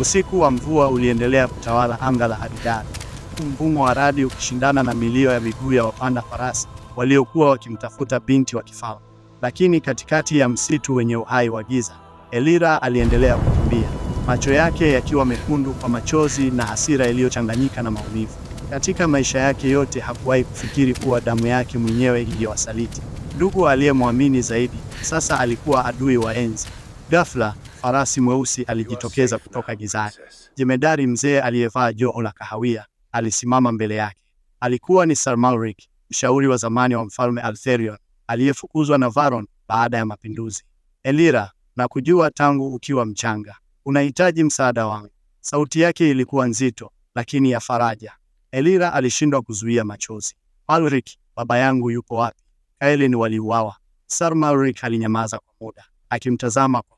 Usiku wa mvua uliendelea kutawala anga la Abidani, mvumo wa radi ukishindana na milio ya miguu ya wapanda farasi waliokuwa wakimtafuta binti wa kifalme. Lakini katikati ya msitu wenye uhai wa giza, Elira aliendelea kukimbia, macho yake yakiwa mekundu kwa machozi na hasira iliyochanganyika na maumivu. Katika maisha yake yote hakuwahi kufikiri kuwa damu yake mwenyewe ingewasaliti. Ndugu aliyemwamini zaidi sasa alikuwa adui wa enzi. Ghafla farasi mweusi alijitokeza kutoka gizani. Jemedari mzee aliyevaa joho la kahawia alisimama mbele yake. Alikuwa ni Malric, mshauri wa zamani wa mfalme Altherion aliyefukuzwa na Varon baada ya mapinduzi. Elira, na kujua tangu ukiwa mchanga, unahitaji msaada wangu. Sauti yake ilikuwa nzito lakini ya faraja. Elira alishindwa kuzuia machozi. Malric, baba yangu yupo wapi? Kaelin waliuawa. Malric alinyamaza kwa muda akimtazama kwa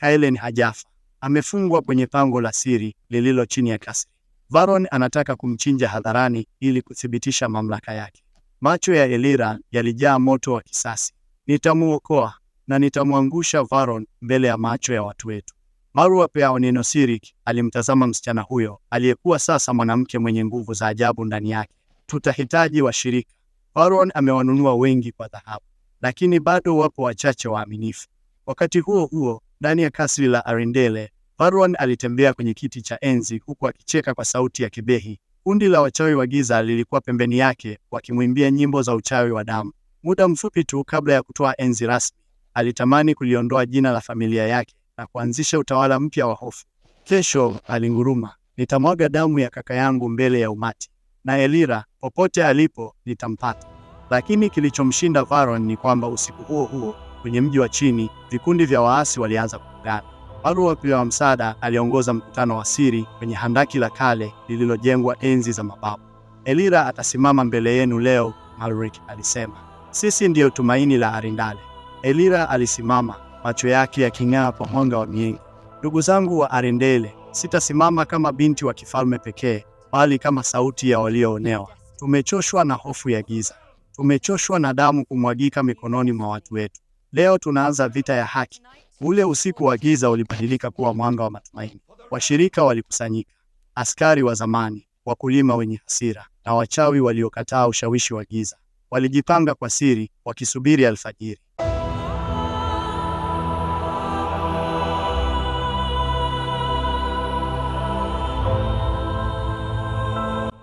Helen hajafa, amefungwa kwenye pango la siri lililo chini ya kasri. Varon anataka kumchinja hadharani ili kuthibitisha mamlaka yake. Macho ya Elira yalijaa moto wa kisasi. Nitamuokoa na nitamwangusha Varon mbele ya macho ya watu wetu. Marua pia Onenosirik alimtazama msichana huyo aliyekuwa sasa mwanamke mwenye nguvu za ajabu ndani yake. Tutahitaji washirika. Varon amewanunua wengi kwa dhahabu, lakini bado wapo wachache waaminifu. Wakati huo huo, ndani ya kasri la Arendelle, Varwan alitembea kwenye kiti cha enzi huku akicheka kwa sauti ya kibehi. Kundi la wachawi wa giza lilikuwa pembeni yake wakimwimbia nyimbo za uchawi wa damu. Muda mfupi tu kabla ya kutoa enzi rasmi, alitamani kuliondoa jina la familia yake na kuanzisha utawala mpya wa hofu. Kesho, alinguruma, nitamwaga damu ya kaka yangu mbele ya umati, na Elira popote alipo nitampata. Lakini kilichomshinda Varwan ni kwamba usiku huo huo kwenye mji wa chini, vikundi vya waasi walianza kupigana. Mfalme wa wa Msada aliongoza mkutano wa siri kwenye handaki la kale lililojengwa enzi za mababu. Elira atasimama mbele yenu leo, Malrik alisema. Sisi ndiyo tumaini la Arindale. Elira alisimama, macho yake yaking'aa kwa mwanga wa miengi. Ndugu zangu wa Arindele, sitasimama kama binti wa kifalme pekee, bali kama sauti ya walioonewa. Tumechoshwa na hofu ya giza, tumechoshwa na damu kumwagika mikononi mwa watu wetu. Leo tunaanza vita ya haki. Ule usiku wa giza ulibadilika kuwa mwanga wa matumaini. Washirika walikusanyika, askari wa zamani, wakulima wenye hasira na wachawi waliokataa ushawishi wa giza. Walijipanga kwa siri, wakisubiri alfajiri.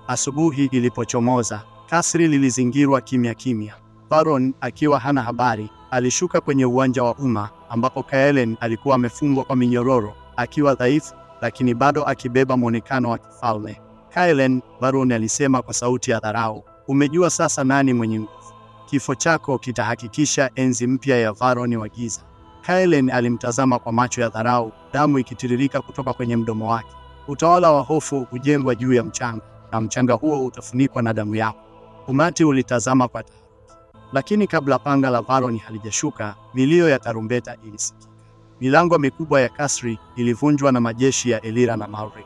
Asubuhi ilipochomoza, kasri lilizingirwa kimya kimya, Baron akiwa hana habari Alishuka kwenye uwanja wa umma ambapo Kaelen alikuwa amefungwa kwa minyororo akiwa dhaifu, lakini bado akibeba mwonekano wa kifalme. Kaelen, Baron alisema kwa sauti ya dharau, umejua sasa nani mwenye nguvu. Kifo chako kitahakikisha enzi mpya ya varon wa giza. Kaelen alimtazama kwa macho ya dharau, damu ikitiririka kutoka kwenye mdomo wake. Utawala wa hofu hujengwa juu ya mchanga na mchanga huo utafunikwa na damu yako. Umati ulitazama kwa lakini kabla panga la Varoni halijashuka, milio ya tarumbeta ilisikika. Milango mikubwa ya kasri ilivunjwa na majeshi ya Elira na Malrik.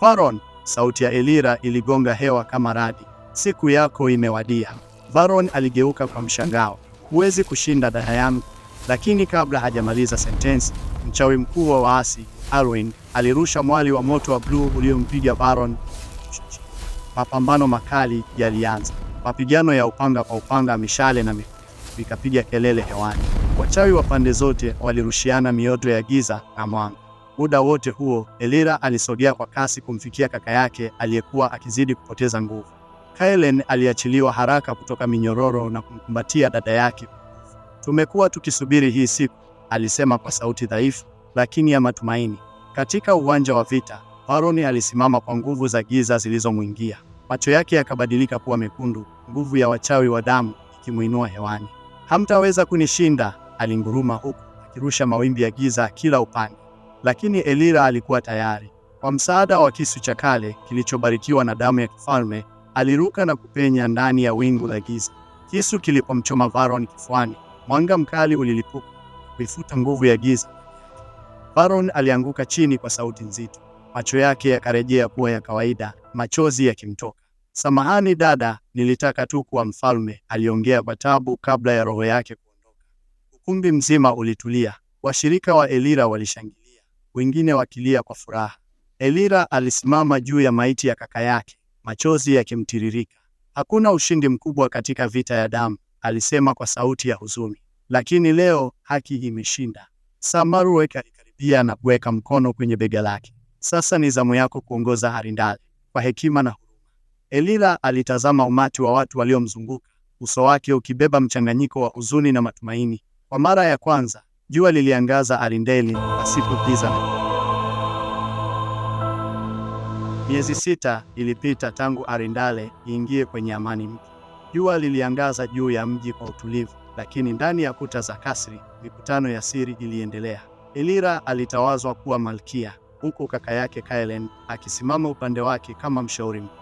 Varon, sauti ya Elira iligonga hewa kama radi. Siku yako imewadia. Varon aligeuka kwa mshangao. Huwezi kushinda dada yangu. Lakini kabla hajamaliza sentensi, mchawi mkuu wa waasi Alwin alirusha mwali wa moto wa bluu uliompiga Varon. Mapambano makali yalianza. Mapigano ya upanga kwa upanga, mishale na vikapiga kelele hewani. Wachawi wa pande zote walirushiana mioto ya giza na mwanga. Muda wote huo, Elira alisogea kwa kasi kumfikia kaka yake aliyekuwa akizidi kupoteza nguvu. Kaelen aliachiliwa haraka kutoka minyororo na kumkumbatia dada yake. Tumekuwa tukisubiri hii siku, alisema kwa sauti dhaifu lakini ya matumaini. Katika uwanja wa vita, Baroni alisimama kwa nguvu za giza zilizomwingia. Macho yake yakabadilika kuwa mekundu, nguvu ya wachawi wa damu ikimwinua hewani. Hamtaweza kunishinda, alinguruma huku akirusha mawimbi ya giza kila upande. Lakini Elira alikuwa tayari. Kwa msaada wa kisu cha kale kilichobarikiwa na damu ya kifalme, aliruka na kupenya ndani ya wingu la giza. Kisu kilipomchoma Varon kifuani, mwanga mkali ulilipuka, kuifuta nguvu ya giza. Varon alianguka chini kwa sauti nzito macho yake yakarejea kuwa ya kawaida, machozi yakimtoka. Samahani dada, nilitaka tu kuwa mfalme, aliongea kwa tabu kabla ya roho yake kuondoka. Ukumbi mzima ulitulia. Washirika wa Elira walishangilia, wengine wakilia kwa furaha. Elira alisimama juu ya maiti ya kaka yake, machozi yakimtiririka. Hakuna ushindi mkubwa katika vita ya damu, alisema kwa sauti ya huzuni, lakini leo haki imeshinda. Samaruweka alikaribia na kuweka mkono kwenye bega lake. Sasa ni zamu yako kuongoza Haridali kwa hekima na huruma. Elila alitazama umati wa watu waliomzunguka, uso wake ukibeba mchanganyiko wa huzuni na matumaini. Kwa mara ya kwanza jua liliangaza Arindeli pasipo giza. Miezi sita ilipita tangu Arindale iingie kwenye amani mpya. Jua liliangaza juu ya mji kwa utulivu, lakini ndani ya kuta za kasri mikutano ya siri iliendelea. Elira alitawazwa kuwa malkia huku kaka yake Kaelen akisimama upande wake kama mshauri mkuu.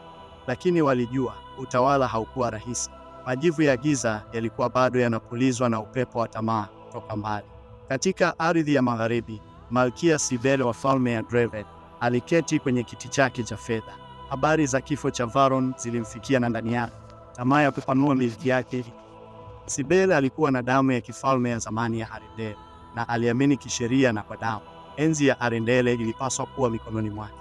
Lakini walijua utawala haukuwa rahisi. Majivu ya giza yalikuwa bado yanapulizwa na upepo wa tamaa kutoka mbali. Katika ardhi ya magharibi, Malkia Sibel wa falme ya Dreven aliketi kwenye kiti chake cha fedha. Habari za kifo cha Varon zilimfikia na ndani yake tamaa ya kupanua milki yake. Sibel alikuwa na damu ya kifalme ya zamani ya Haredel na aliamini kisheria na kwa damu enzi ya Arendele ilipaswa kuwa mikononi mwake.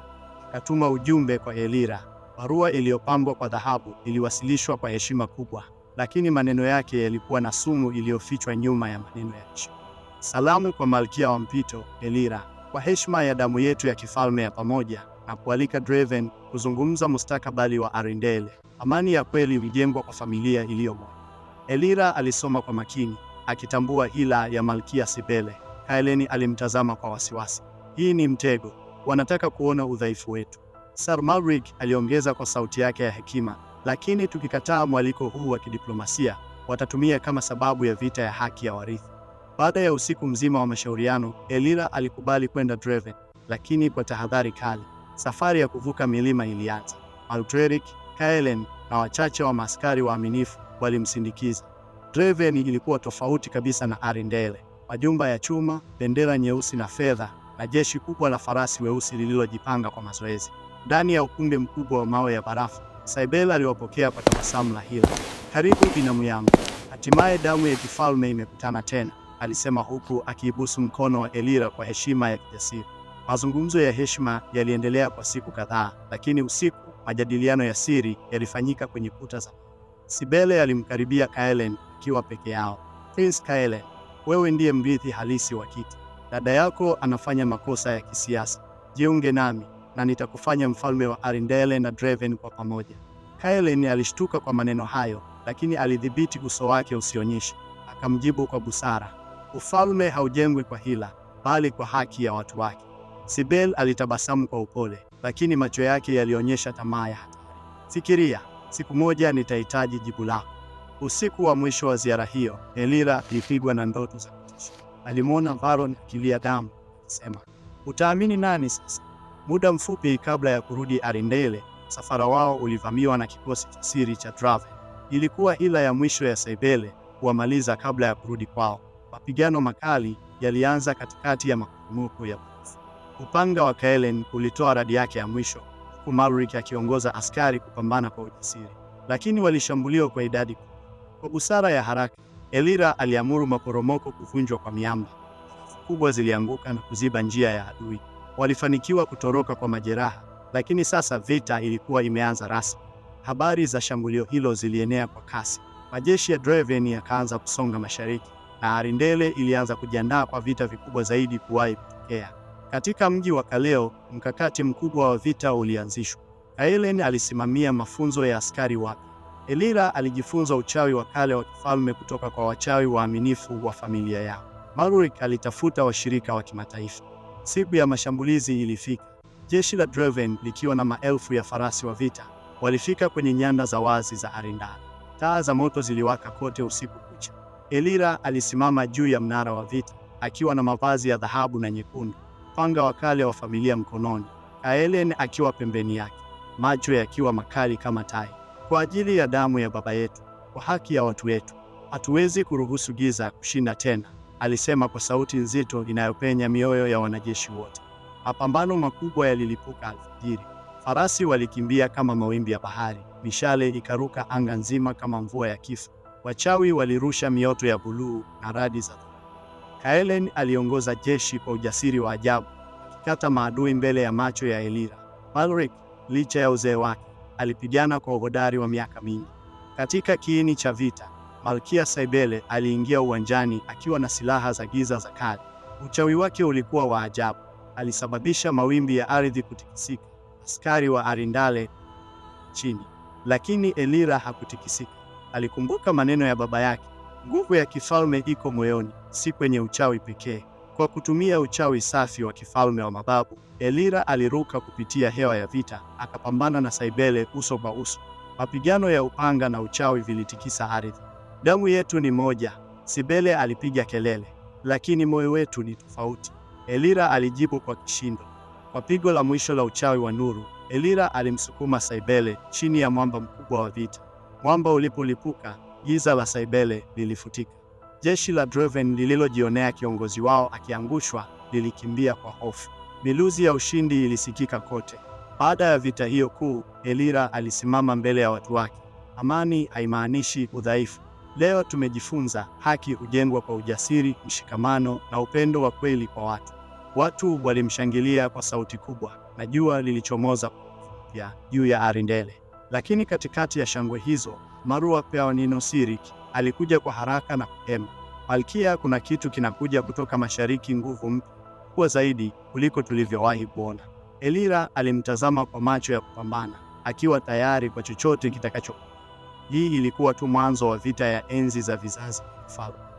Katuma ujumbe kwa Elira. Barua iliyopambwa kwa dhahabu iliwasilishwa kwa heshima kubwa, lakini maneno yake yalikuwa na sumu iliyofichwa nyuma ya maneno ya nchi. Salamu kwa malkia wa mpito Elira, kwa heshima ya damu yetu ya kifalme ya pamoja, na kualika Draven kuzungumza mustakabali wa Arendele. Amani ya kweli hujengwa kwa familia iliyomo. Elira alisoma kwa makini, akitambua hila ya malkia Sibele. Helen alimtazama kwa wasiwasi. Hii ni mtego, wanataka kuona udhaifu wetu, Sir Maverick aliongeza kwa sauti yake ya hekima, lakini tukikataa mwaliko huu wa kidiplomasia watatumia kama sababu ya vita ya haki ya warithi. Baada ya usiku mzima wa mashauriano, Elira alikubali kwenda Dreven, lakini kwa tahadhari kali. Safari ya kuvuka milima ilianza. Alteric, Kaelen na wachache wa maaskari waaminifu walimsindikiza. Dreven ilikuwa tofauti kabisa na Arendelle majumba ya chuma, bendera nyeusi na fedha, na jeshi kubwa la farasi weusi lililojipanga kwa mazoezi. Ndani ya ukumbi mkubwa wa mawe ya barafu, Saibel aliwapokea kwa tabasamu la hila. Karibu binamu yangu, hatimaye damu ya kifalme imekutana tena, alisema huku akiibusu mkono wa Elira kwa heshima ya kijasiri. Mazungumzo ya heshima yaliendelea kwa siku kadhaa, lakini usiku majadiliano ya siri yalifanyika kwenye kuta za. Sibele alimkaribia Kaelen akiwa peke yao. Prince Kaelen wewe ndiye mrithi halisi wa kiti. Dada yako anafanya makosa ya kisiasa. Jiunge nami na nitakufanya mfalme wa arindele na Dreven kwa pamoja. Kaelen alishtuka kwa maneno hayo, lakini alidhibiti uso wake usionyeshe. Akamjibu kwa busara, ufalme haujengwi kwa hila, bali kwa haki ya watu wake. Sibel alitabasamu kwa upole, lakini macho yake yalionyesha tamaa ya hatari. Fikiria, siku moja nitahitaji jibu lako. Usiku wa mwisho wa ziara hiyo, elira alipigwa na ndoto za kutisha. Alimwona Baron akilia damu, akisema, utaamini nani sasa? Muda mfupi kabla ya kurudi arindele msafara wao ulivamiwa na kikosi cha siri cha Draven. Ilikuwa hila ya mwisho ya saibele kuwamaliza kabla ya kurudi kwao. Mapigano makali yalianza katikati ya maporomoko ya barafu. Upanga wa Kaelen ulitoa radi yake ya mwisho, huku Malrik akiongoza askari kupambana kwa ujasiri, lakini walishambuliwa kwa idadi kwa busara ya haraka, Elira aliamuru maporomoko kuvunjwa kwa miamba kubwa zilianguka na kuziba njia ya adui. Walifanikiwa kutoroka kwa majeraha, lakini sasa vita ilikuwa imeanza rasmi. Habari za shambulio hilo zilienea kwa kasi. Majeshi ya Draven yakaanza kusonga mashariki na Arindele ilianza kujiandaa kwa vita vikubwa zaidi kuwahi kutokea. Katika mji wa Kaleo, mkakati mkubwa wa vita ulianzishwa. Kaelen alisimamia mafunzo ya askari wake Elira alijifunza uchawi wa kale wa kifalme kutoka kwa wachawi waaminifu wa familia yao. Maruric alitafuta washirika wa kimataifa. Siku ya mashambulizi ilifika. Jeshi la Draven likiwa na maelfu ya farasi wa vita walifika kwenye nyanda za wazi za arinda Taa za moto ziliwaka kote usiku kucha. Elira alisimama juu ya mnara wa vita akiwa na mavazi ya dhahabu na nyekundu, panga wa kale wa familia mkononi, Kaelen akiwa pembeni yake, macho yakiwa makali kama tai. Kwa ajili ya damu ya baba yetu, kwa haki ya watu wetu, hatuwezi kuruhusu giza kushinda tena, alisema kwa sauti nzito inayopenya mioyo ya wanajeshi wote. Mapambano makubwa yalilipuka alfajiri. Farasi walikimbia kama mawimbi ya bahari, mishale ikaruka anga nzima kama mvua ya kifo. Wachawi walirusha mioto ya buluu na radi za Kaelen aliongoza jeshi kwa ujasiri wa ajabu, akikata maadui mbele ya macho ya Elira. Malrik, licha ya uzee wake alipigana kwa uhodari wa miaka mingi. Katika kiini cha vita, Malkia Saibele aliingia uwanjani akiwa na silaha za giza za kale. Uchawi wake ulikuwa wa ajabu, alisababisha mawimbi ya ardhi kutikisika, askari wa Arindale chini. Lakini Elira hakutikisika. Alikumbuka maneno ya baba yake, nguvu ya kifalme iko moyoni, si kwenye uchawi pekee. Kwa kutumia uchawi safi wa kifalme wa mababu Elira aliruka kupitia hewa ya vita, akapambana na Saibele uso kwa uso. Mapigano ya upanga na uchawi vilitikisa ardhi. Damu yetu ni moja, Sibele alipiga kelele, lakini moyo wetu ni tofauti, Elira alijibu kwa kishindo. Kwa pigo la mwisho la uchawi wa nuru, Elira alimsukuma Saibele chini ya mwamba mkubwa wa vita. Mwamba ulipolipuka, giza la Saibele lilifutika. Jeshi la Draven lililojionea kiongozi wao akiangushwa lilikimbia kwa hofu miluzi ya ushindi ilisikika kote. Baada ya vita hiyo kuu, elira alisimama mbele ya watu wake. Amani haimaanishi udhaifu. Leo tumejifunza haki hujengwa kwa ujasiri, mshikamano na upendo wa kweli kwa watu. Watu walimshangilia kwa sauti kubwa na jua lilichomoza ya juu ya Arindele. Lakini katikati ya shangwe hizo, Marua Peonino Sirik alikuja kwa haraka na kusema, Malkia, kuna kitu kinakuja kutoka mashariki, nguvu mpya imekuwa zaidi kuliko tulivyowahi kuona. Elira alimtazama kwa macho ya kupambana, akiwa tayari kwa chochote kitakacho. Hii ilikuwa tu mwanzo wa vita ya enzi za vizazi. Faru